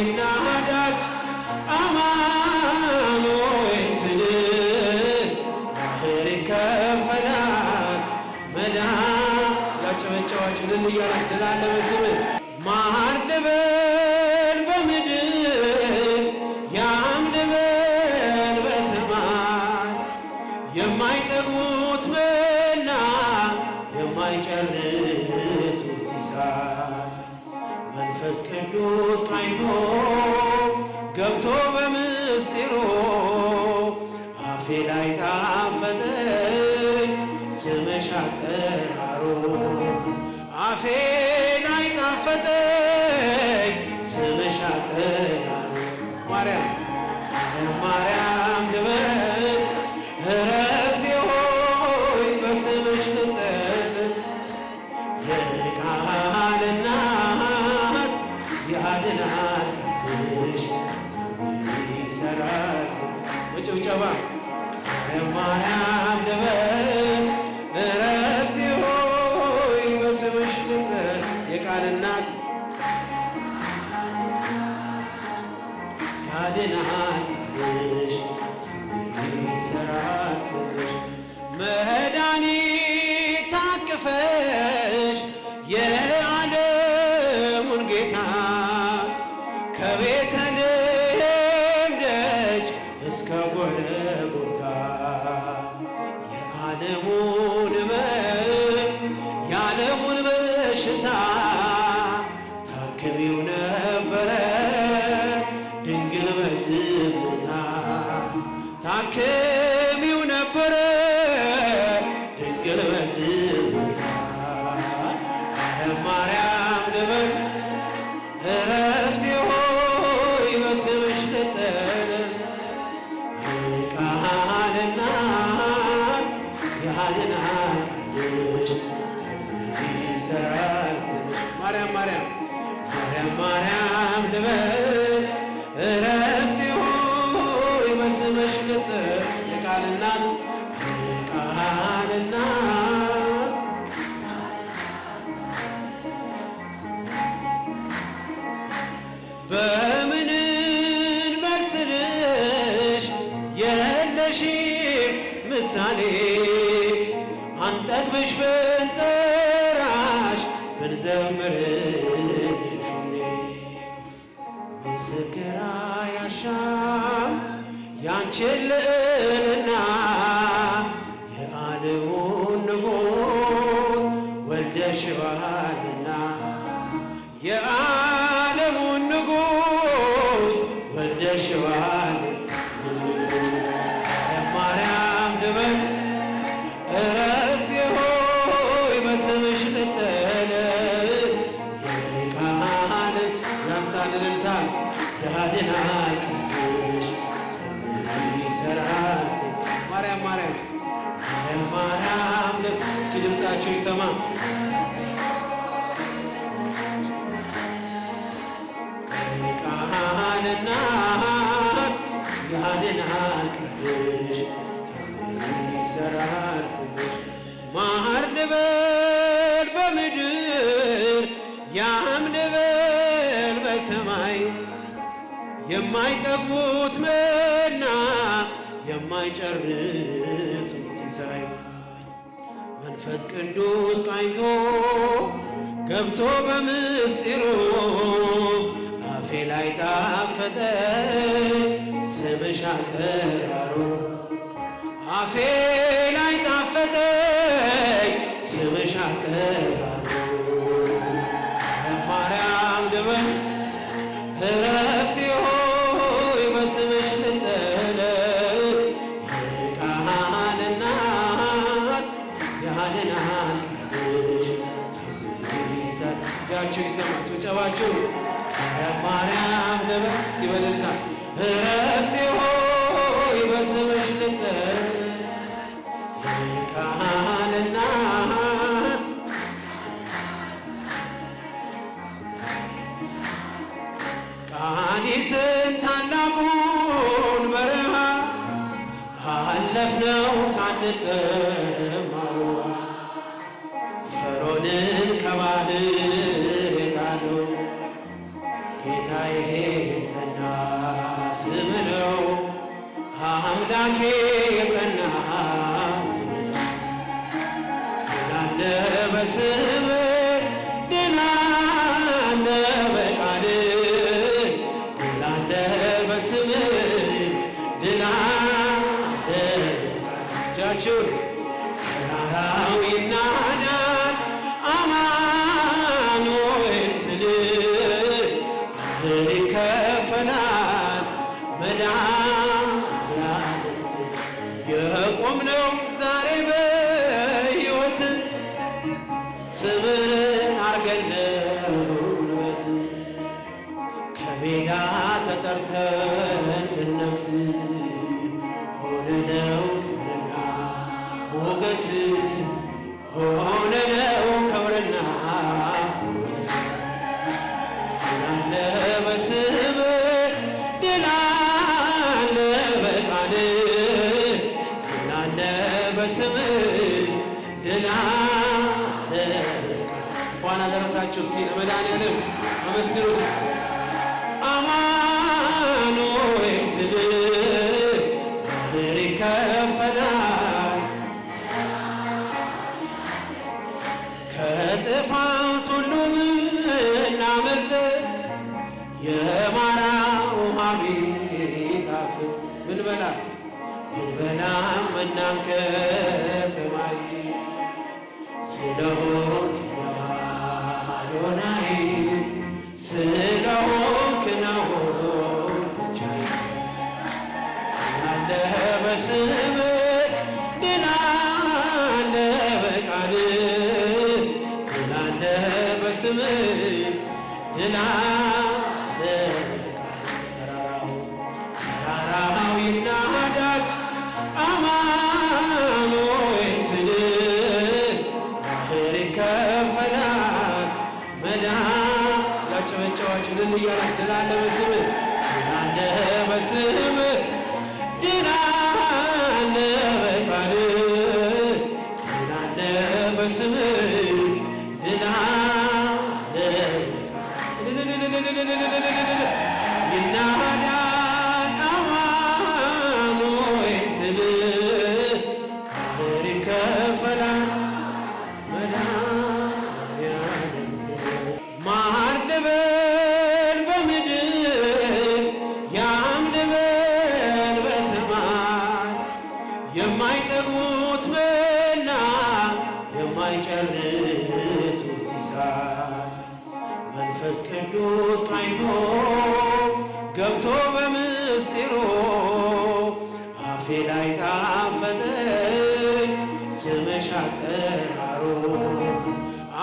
ይናዳል አማኑኤል ስንል ባህር ይከፈላል። መዳን ያጨበጨባችሁንን እያላደላለ መስል ማር መንፈስ ቅዱስ አይቶ ገብቶ በምስጢሩ አፌ ላይ ጣፈጠኝ ስምሽ አጠራሮ አፌ አንቺን ድምፃቸው ይሰማ። ቃልና ያድናል ቃልሽ ይሰራል ስምሽ ማር ልበል በምድር ያም ልበል በሰማይ የማይጠግቡት መና የማይጨርስ ሲሳይ መንፈስ ቅዱስ ቃኝቶ ገብቶ በምስጢሩ አፌ ላይ ጣፈጠ ስምሽ አጠራሩ አፌ ላይ it እጆቹን ተራራው ይናዳል አማኑኤል ስል ባህር ይከፈላል የቆም ነው ዛሬ በሕይወት ስምህን አርገነው ንበት ከሜዳ ተጠርተን ብነት ሆነነው ክብርና ድላለ በስብ ድላለ በቃል ድላለ በስብ ድላለ እንኳን አደረሳችሁ እስኪ ለመድኃኒዓለም አመስግኑት። ከደመናን ከሰማይ ስለሆንክ አዶናይ ስለሆንክ ነው አለ በስምህ ድል አለ በቃልህ ድል አለ ሁሉም እያለ ድናለ በስምህ ድናለ በስምህ ድናለ በቃልህ ድናለ በስምህ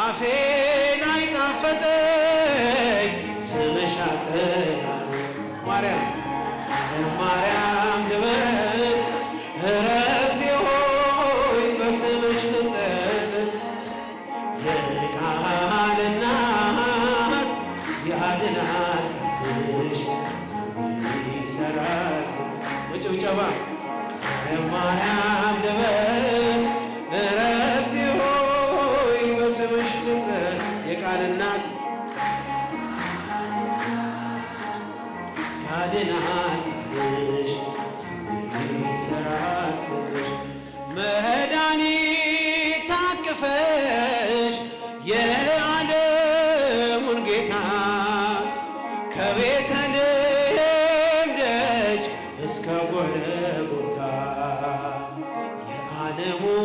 አፌ ላይ ጣፈጠኝ ስምሽ አጠራር ማርያም மனமோ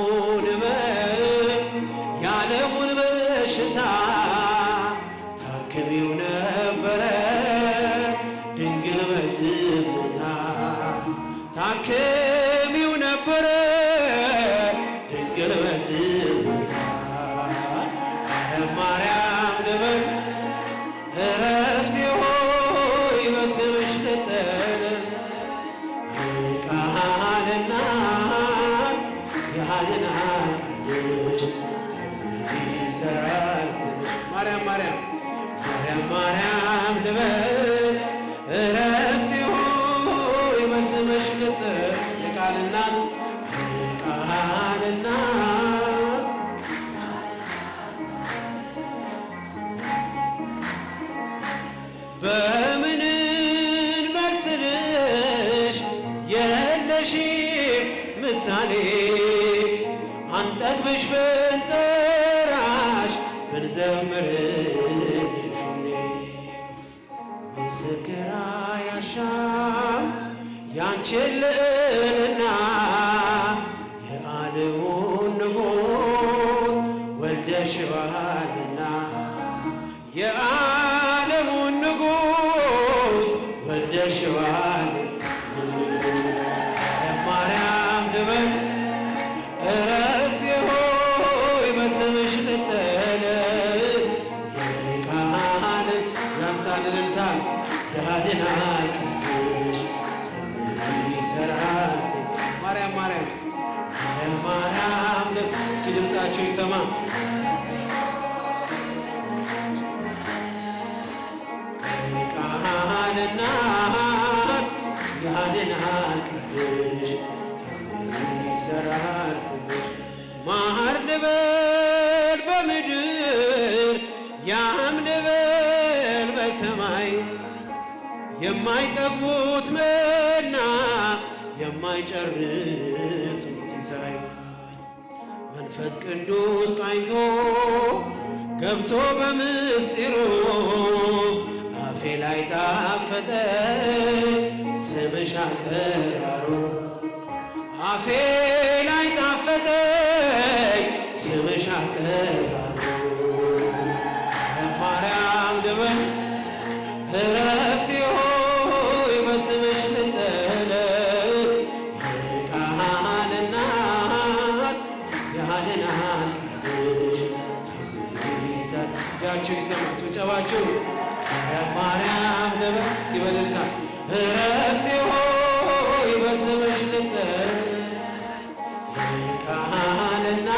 ብርሃንን አቅልሽ ይሰራል ማርያም ማርያም ማርያም ማርያም ልበል እረፍት ሆይ በስምሽ የለሽም ምሳሌ አንጠግብሽ ብንጠራሽ ብንዘምር ምስክራ ያሻም ያንችልንና ልዕልና የዓለሙን ንጉሥ ወልደሽዋልና የማይጠግቡት መና የማይጨርሱ ሲሳይ መንፈስ ቅዱስ ቃኝቶ ገብቶ በምስጢሩ አፌ ላይ ጣፈጠ ስምሽ አጠራሩ አፌ ላይ ጣፈጠ ይበልና እረፍቴ ሆይ በስምሽ ልጠር ቃልና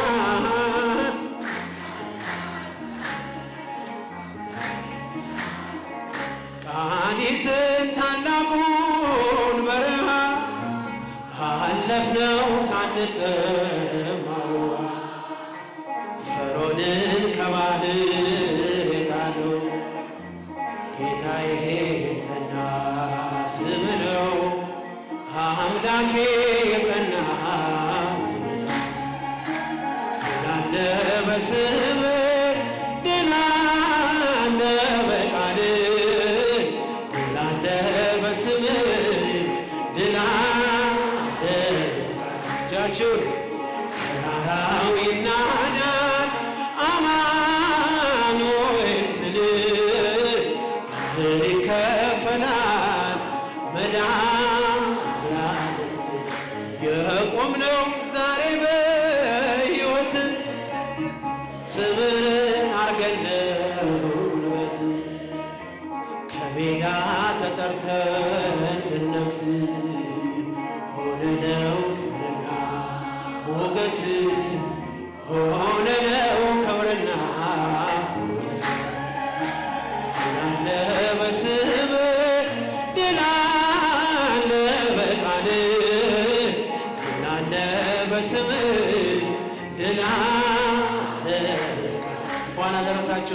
ቃዲስን ታላቁን በረሃ አለፍነው ሳንጠማው ከባህር ጌታዬ አምላኬ የጸና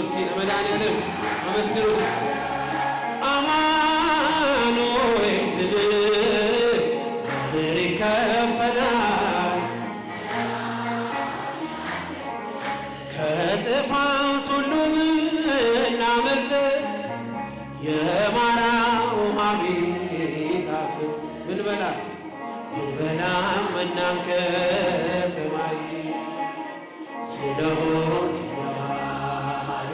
ብላችሁ እስኪ ለመድኃኒዓለም አመስግኑት። አማኑኤል ስል ባህር ይከፈላል ከጥፋት ሁሉም እናምርጥ የማራ ውሃ ቢጣፍጥ ብንበላ ብንበላ መናንከ ሰማይ ስለሆነ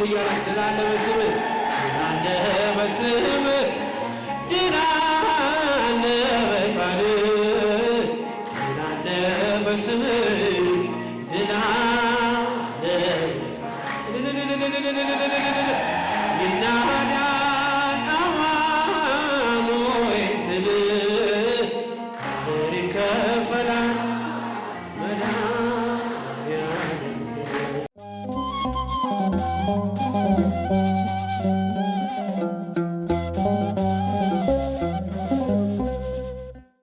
ሁሉም እያላችሁ ድናለ በስምህ ድናለ በስምህ ድናለ በቃልህ ድናለ በስምህ ድናለ